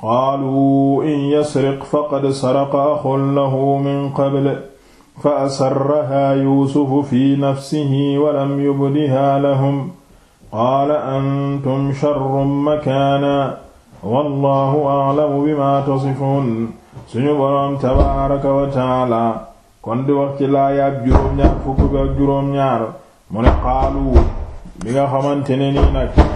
qaalu in yasriq faqad saraqa axun lahu min qabl fa asarrahaa yuusufu fi nafsihi walam yubdihaa lahum qaala antum sharrun makaana wallahu aclamu bimaa tasifuun suñu boroom tabaaraka wa taala kon di wax ci laayaab juróom-ñaar fukk ak juróom-ñaar mu ne qaalu bi nga xamante ne nii nag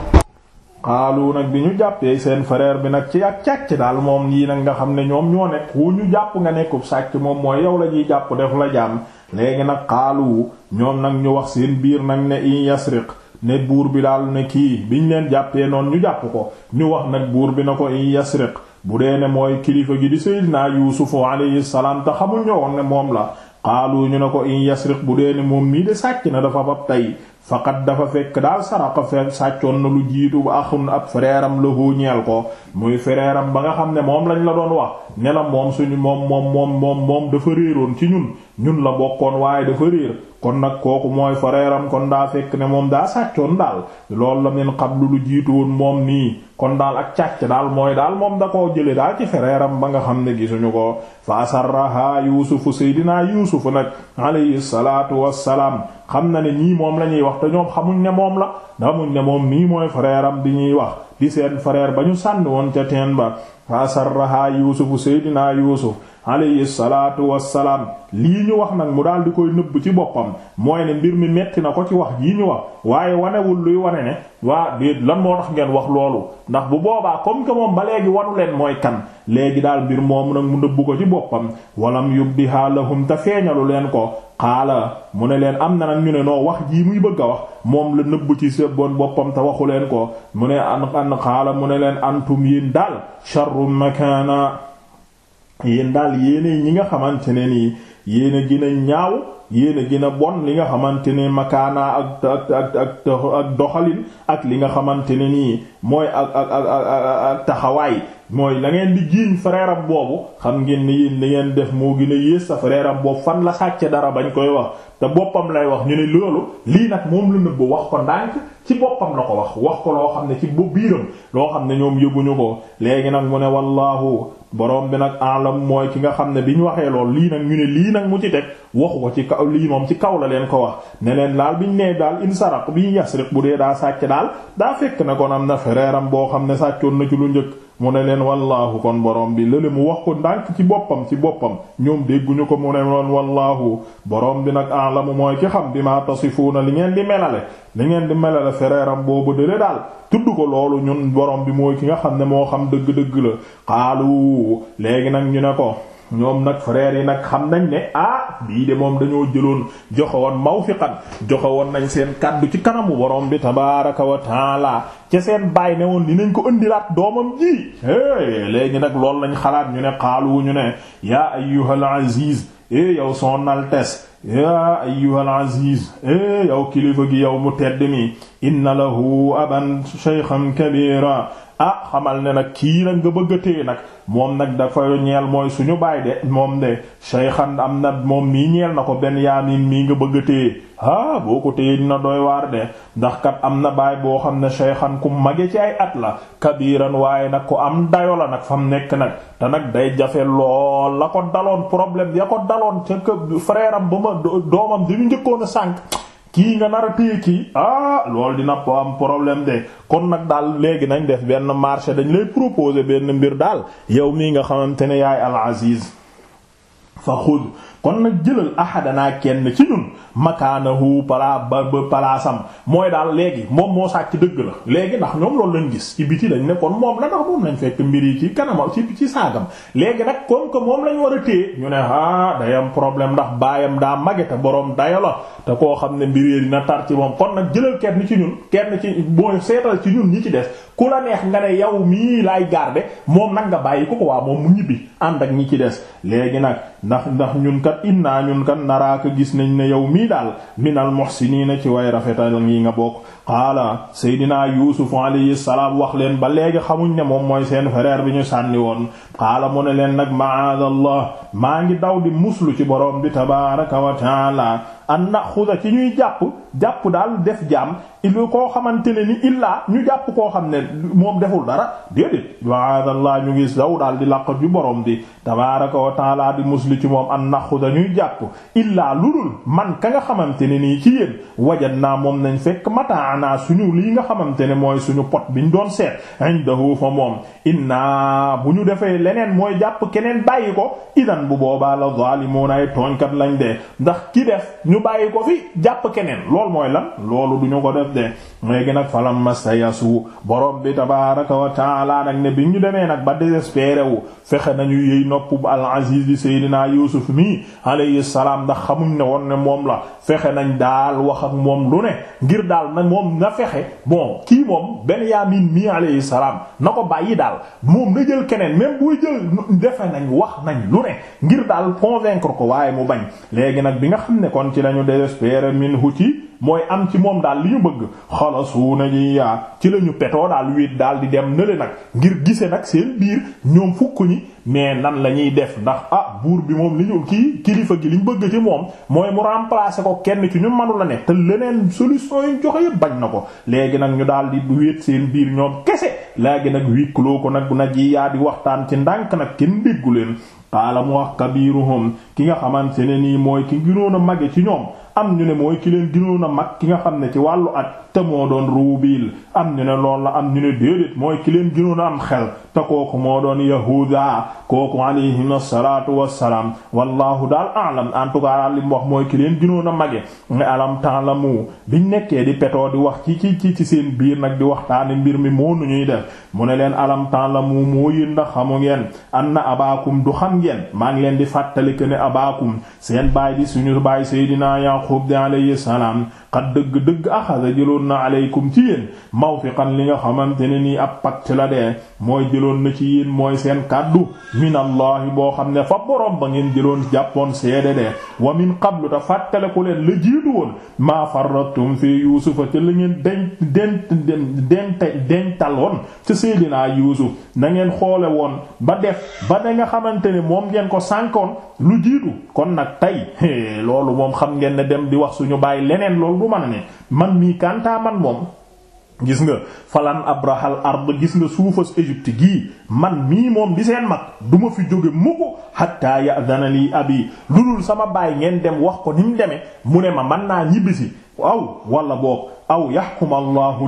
xaalu nag bi ñu jàppee seen frère bi nag ci ak càcc daal moom yii nag nga xam ne ñoom ñoo nekk wu ñu jàpp nga nekkub sàcc moom mooy yow la ñuy jàpp def la jaam léegi nag xaalu ñoom nag ñu wax seen biir nag ne in yasriq ne buur bi daal ne kii biñ leen jàppee noonu ñu jàpp ko ñu wax nag buur bi na ko in yasriq bu dee ne mooy kilifa gi di Seydina Yuusufu alayhi salaam te xamuñ ñoo woon ne moom la xaalu ñu ne ko in yasriq bu dee ne moom mii de sàcc na dafa bab tey faqat dafa fekk daal saraqa fe sàccoon na lu jiitu ba axun ab frèeram lahu ñeel ko muy fereeram ba nga xam ne moom lañ la doon wax ne la moom suñu moom moom moom moom moom dafa réeroon ci ñun ñun la bokkoon waaye dafa réer kon nag kooku mooy frèeram kon daa fekk ne moom daa sàccoon daal loolu la min qablu lu lu woon moom nii kon daal ak càcc daal mooy daal moom da koo jële daal ci fereeram ba nga xam ne gisuñu ko fa asarraha yuusufu seydinaa yuusufu nag alayhi salaatu wassalaam xam na ne ñii moom la ñuy wax te ñoom xamuñ ne moom la xamuñ ne moom mii mooy frère am di ñuy wax di seen frère ba ñu sànni woon ca teen ba fa sarraha yuusufu seydinaa yuusuf alayhi salaatu wassalaam lii ñu wax nag mu daal di koy nëbb ci boppam mooy ne mbir mi metti na ko ci wax jii ñu wax waaye wanewul luy wane ne waa déet lan moo tax ngeen wax loolu ndax bu boobaa comme que moom ba léegi wanu leen mooy kan léegi daal mbir moom nag mu nëbb ko ci boppam walam yubdiha lahum te feeñalu leen ko xaala mu ne leen am na nag ñu ne noo wax jii muy bëgg a wax moom la nëbb ci sa boppam te waxu leen ko mu ne an xaala mu ne leen antum yéen daal sharrum makaana yéen daal yéene ñi nga xamante ne nii yéen a gën a ñaaw yéen a gën bon li nga xamante ne makaana ak ak ak doxalin ak li nga xamante ne nii mooy ak ak ak ak taxawaay mooy la ngeen di jiiñ frère boobu xam ngeen ni yéen li ngeen def moo gën a yées sa frère am boobu fan la sàcc dara bañ koy wax te boppam lay wax ñu ne loolu lii nag moom la nëbb wax ko ndànk ci boppam la ko wax wax ko loo xam ne ci bu biiram loo xam ne ñoom yëguñu ko léegi nag mu ne wallaahu borom bi nag alam mooy ki nga xam ne bi ñu waxee lool lii nag ñu ne nag mu ci teg waxu ko ci kaw lii moom ci kaw la leen ko wax ne leen daal bi ñu nee daal insaraq bi yasriq bu dee daa sàcc daal daa fekk na kon am na frère boo xam ne sàccoon na ci lu njëkk mu ne leen wallaahu kon borom bi lële mu wax ko ndànk ci boppam ci boppam ñoom dégguñu ko mu ne loon wallaahu borom bi nag alamu mooy ki xam bi maa tasifuuna li ngeen di melale li ngeen di melale fereeram boobu dële daal tudd ko loolu ñun borom bi mooy ki nga xam ne moo xam dëgg-dëgg la xaalu léegi nag ñu ne ko ñoom nag frères yi nag xam nañ ne ah bii de moom dañoo jëloon joxe woon mawfiqan joxe woon nañ seen kaddu ci kanamu borom bi tabaaraka wa taala ca seen baay ne woon nañ ko indilaat doomam ji é léegi nag lool nañ xalaat ñu ne wu ñu ne yaa ayyuhal aziz e yow son altesse yaa ayyuhal aziz e yow kilifa gi yow mu tedd mi inna lahu aban shaykhan kabira ah xamal ne nag kii nag nga bëgg a nag moom nag dafa ñeel mooy suñu baay de moom de shaykhan am na moom mii ñeel na ko Benyamin mii nga bëgg a téye ah boo ko téye dina doy waar de ndax kat am na baay boo xam ne shaykhan ku mage ci ay at la kabiran waaye nag ku am dayo la nag fam nekk nag te nag day jafe lool la ko daloon problème ya ko daloon ca kër frère am doomam di ñu njëkkoon a sànq. kii nga nar a téye kii ah loolu dina ko am problème de kon nag daal léegi nañ def benn marché dañ lay proposer benn mbir daal yow mii nga xamante ne yaay al aziz fa xud kon nag jëlal ahadanaa kenn ci ñun makaanahu palaa ba ba palaasam mooy daal léegi moom moo sàcc dëgg la léegi ndax ñoom loolu lañ gis ci biti lañ ne kon moom la ndax moom lañ fekk mbir yi ci kanamam ci saagam léegi nag comme que moom lañ war a téye ñu ne ah day problème ndax baayam daa mage te boroom dayo la te koo xam ne mbir yi dina tar ci moom kon nag jëlal kenn ci ñun kenn ci boo seetal ci ñun ñi ci des ku la neex nga ne yow mii laay garder moom nag nga bàyyi ko ko waa moom mu ñibbi ànd ak ñi ci des léegi nag ndax ndax ñun kat innaa ñun kat naraaka gis nañ ne yow mii daal minal muhsiniina ci way rafetal yi nga bokk qaala seydinaa yuusufu alayhi salaam wax leen ba léegi xamuñ ne moom mooy seen frère bi ñu sànni woon qaala mu ne leen nag ma'aadallah maa ngi daw di muslu ci borom bi tabaaraka wa taala an naxuda ci ñuy jàpp jàpp daal def jaam il koo xamante ne ni illaa ñu jàpp koo xam ne moom deful dara déedéet waadallah ñu ngi daw daal di làqat ju borom di tabaraka wa taala di musli ci moom an naqu dañuy jàpp illaa lulul man ka nga xamante ne nii ci yéen wajat naa moom nañ fekk naa suñu lii nga xamante ne mooy suñu pot ñu doon seet indahu fa moom inna bu ñu defee leneen mooy jàpp keneen bàyyi ko idan bu boobaa la zalimuna ay tooñkat lañ de ndax ki def ñu bàyyi ko fi jàpp keneen loolu mooy lan loolu du ñu ko def de léegi nag falam mastayasu borom bi tabaaraka wa taala nag ne bi ñu demee nag ba désespéré wu fexe nañu yëy nopp al-Aziz di Seydina Yuusuf nii alayhi salaam ndax xamuñ ne woon ne moom la fexe nañ daal wax ak moom lu ne ngir daal na moom na fexe bon kii moom Benyamin mii alayhi salaam na ko bàyyi daal moom na jël keneen même buy jël defe nañ wax nañ lu ne ngir daal convaincre ko waaye mu bañ léegi nag bi nga xam ne kon ci mooy am ci moom daal li ñu bëgg xalasuuna ji yaa ci la ñu petoo daal wéet daal di dem nële nag ngir gise nag seen biir ñoom fukk ñi mais nan la ñuy def ndax ah buur bi moom li ñu kii kilifa gi li ñu bëgg ci moom mooy mu remplacer ko kenn ci ñu manu la ne te leneen solution yu joxe yëpp bañ na ko léegi nag ñu daal di wéet seen biir ñoom kese léegi nag huis ko nag na ji yaa di waxtaan ci ndànk nag kenn déggu leen qaala mu wax kabiruhum ki nga xamante ne nii mooy ki gënoon a mage ci ñoom am ñu ne mooy ki leen gënoon a mag ki nga xam ne ci wàllu at te moo doon ruubil am ñu ne lool la am ñu ne déedéet mooy ki leen gënoon a am xel te kooku moo doon yahuda kooku alayhim asalaatu wassalaam wallahu daal alam en tout cas li mu wax mooy ki leen gënoon a mage nga alam bi ñu nekkee di petoo di wax ci ci ci ci seen biir nag di waxtaane mbir mi moo nu ñuy def mu ne leen alam ta'lamu moo yéen ndax xamu ngeen anna abaakum du xam ngeen maa ngi leen di fàttali ne abaakum seen baay Yaaqub di alayhi salaam xat dëgg-dëgg axada jëloon na aleykum ci yéen mawfiqan li nga xamante ne nii ab pacte la dee mooy jëloon na ci yéen mooy seen kàddu minallahi boo xam ne fa borom ba ngeen jëloon jàppoon seede dee wa min qablu te ku leen la jiitu woon maa farrattum fi yuusufa ca la ngeen den den den dentaloon ca seydinaa yuusuf na ngeen xoole woon ba def ba da nga xamante ne moom ngeen ko sànkoon lu jiitu kon nag tey loolu moom xam ngeen ne dem di wax suñu bàyyi leneen loolu bu mën a ne man mii kantaa man moom gis nga falan abrahal ard gis nga suufas Égypte gii man mii moom di seen mag du ma fi jóge mukk hatta ya'dana li abi lu dul sama baay ngeen dem wax ko ni mu demee mu ne ma man naa ñibbisi aw wala boog aw yahkum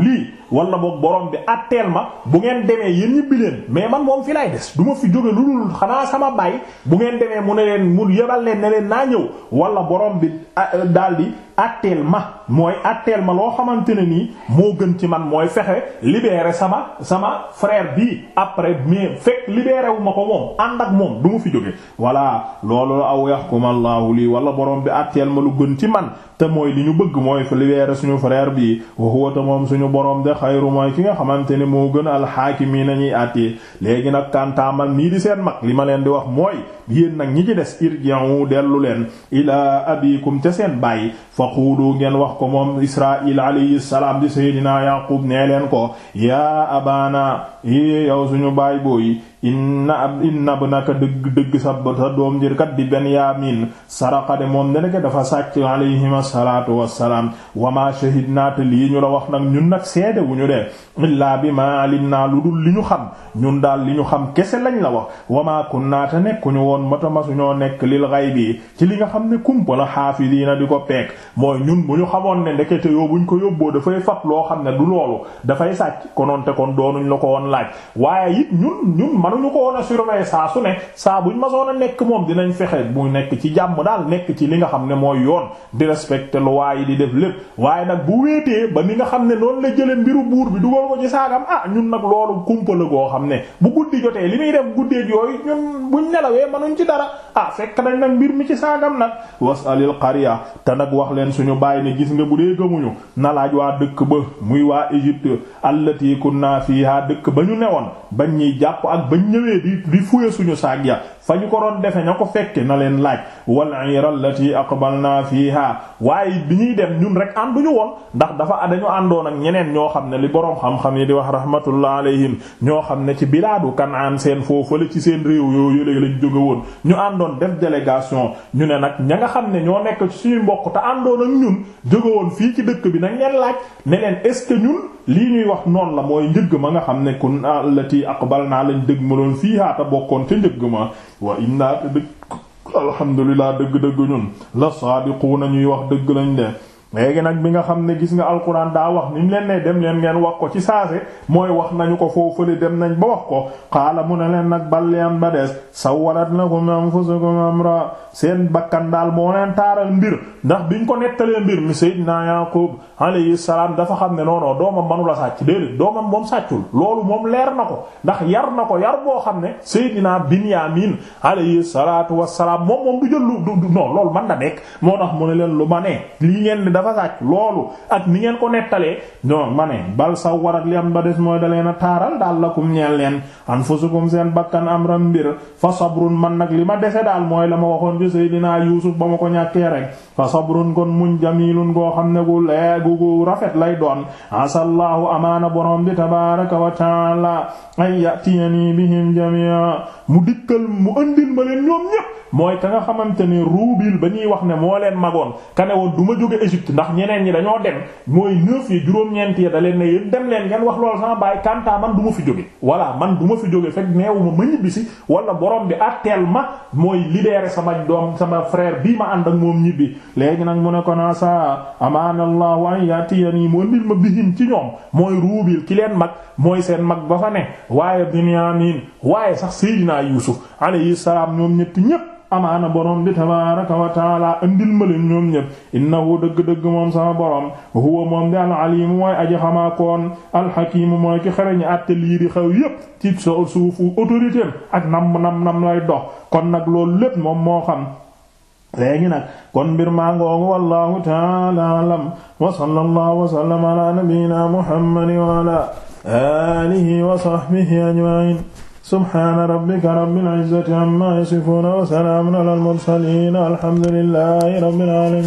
lii wala boog boroom bi atteel ma bu ngeen demee yi ñibbi leen mais man moom fi lay des du ma fi jóge lu dul xanaa sama baay bu ngeen demee mu ne leen mu yebal leen ne leen naa ñëw wala boroom bi ah, daldi atteel ma mooy atteel ma loo xamante ne nii moo gën ci man mooy fexe libérer sama sama frère bi après mais fekk libérer wu ko moom ànd ak moom du ma fi jóge voilà loolu la aw yaxkum allahu lii wala boroom bi atteel ma lu gën ci man te mooy li ñu bëgg mooy libérer suñu frère bi suñu borom xayru mooy ki nga xamante ne moo gën alxaakim yi nañuy àttee léegi nag kàntaamal nii di seen mag li ma leen di wax mooy yéen nag ñi ci des wu dellu leen ilaa abikum ca seen bàyyi faquulu ngeen wax ko moom israil alayhi salaam di seydinaa yaqub nee leen ko yaa abana yi yow suñu baay booyi inna ab inna ab naka dëgg dëgg sa sa doom njër kat di Benyamin saraxade moom neneke dafa sàcc alayhim asalaatu wassalaam wama shahidnaa te lii ñu la wax nag ñun nag seede wu ñu dee illaa bi maa alim naa lu dul li ñu xam ñun daal li ñu xam kese lañ la wax wama kunnaa te nekkuñu woon matama suñoo nekk lil ghaybi ci li nga xam ne kumpa la na di ko peek mooy ñun bu ñu xamoon ne ndekete yoo buñ ko yóbboo dafay fat loo xam ne du loolu dafay sàcc konoonte kon doonuñ la ko woon laaj manuñu ko woon a saa su ne saa buñ masoon a nekk moom dinañ fexe mu nekk ci jàmm daal nekk ci li nga xam ne mooy yoon di respecter loi waaye di def lépp waaye nag bu wéetee ba ni nga xam ne noonu la jële mbiru buur bi dugal ko ci saagam ah ñun nag loolu kumpa goo xam ne bu guddi jotee li muy def guddeeg yooyu ñun buñ nelawee manuñ ci dara ah fekk nañ nag mbir mi ci saagam nag wasalil qarya te nag wax leen suñu bàyyi ne gis nga bu dee gëmuñu na laaj waa dëkk ba muy waa Égypte allati kunna fiha dëkk ba ñu newoon buñ ñëwee di di fuye suñu saag ya fa ñu ko doon defe ña ko fekke na leen laaj waliira allati fii fiha waaye bi ñuy dem ñun rek ànduñu woon ndax dafa dañu àndoon ak ñeneen ñoo xam ne li boroom xam-xam yi di wax rahmatullah alayhim ñoo xam ne ci bilaadu kanaan seen foofu la ci seen réew yooyu yële lañ jóge woon ñu àndoon def délégation ñu ne nag ña nga xam ne ñoo nekk ci suñu mbokk te àndoon ak ñun jóge woon fii ci dëkk bi nag ñeen laaj ne leen est lii ñuy wax noonu la mooy njëgg ma nga xam ne kun allati aqbalna lañ dëgg ma doon fiihaa ta bokkoon ca njëgg ma wa inna te dëgg alhamdulillah dëgg-dëgg ñun la saadiquuna ñuy wax dëgg lañ de léegi nag bi nga xam ne gis nga alquran daa wax ni ñu leen ne dem leen ngeen wax ko ci saase mooy wax nañu ko foofu fële dem nañ ba wax ko xaala mu ne leen nag balli am ba des na ko anfusukum amra seen bakkan daal moo leen taaral mbir ndax biñ ko nettalee mbir mi sayyidina Yaqub alayhi salaam dafa xam ne noonoo doomam manula sàcc déedéet doomam moom sàccul loolu moom leer na ko ndax yar na ko yar boo xam ne sayyidina Binyamin alayhi salaatu wassalaam moom moom du jël lu du non loolu man na moo tax mu ne leen lu ma dafa sàcc loolu ak ni ngeen ko nettalee donc ma ne bal sawwarat li am ba des mooy da leen a taaral daal lakum ñeel leen anfusukum seen bakkan amran mbir fa sabrun man nag li ma dese daal mooy la ma waxoon ci Seydina Yuusuf ba ma ko ñàkkee rek fa sabrun kon muñ jamilun goo xam ne gu lee gu gu rafet lay doon asallahu amaana borom bi tabaaraka wa taala ay yatiyani bihim jamia mu dikkal mu andil ma leen ñoom ñépp mooy ka nga xamante ne ruubil ba ñuy wax ne moo ndax ñeneen ñi dañoo dem mooy neuf yi juróom-ñeent yi da leen ne yéen dem leen ngeen wax lool sama baay kanta man du ma fi jóge voilà man du ma fi jóge fekk neewuma ma ñibbisi wala borom bi atteel ma mooy libérer sama doom sama frère bii ma ànd ak moom ñibbi léegi nag mu ne ko naa sa amaanallahu an yatiyani moo nit ma bihim ci ñoom mooy ruubil ki leen mag mooy seen mag ba fa ne waaye Binyamin waaye sax Seydina Yuusuf alayhi salaam ñoom ñett ñépp amaana borom bi tabaaraka wa taala andil ma leen ñoom ñépp innahu dëgg-dëgg moom sama borom huwa moom di al-aliim mooy aji xamaa koon al-hakiim mooy ki xereñ àtte lii di xew yépp ci so suufu autorité ak nam nam nam lay dox kon nag loolu lépp moom moo xam léegi nag kon mbir maa ngoogu wallahu taala alam wa sallallahu wa sallama ala nabiyyina muhammadin alihi wa sahbihi ajma'in subhaana rabbika rabbil izzati amma yasifuuna wa salaamun alal mursaliin alhamdulillahi rabbil aalamiin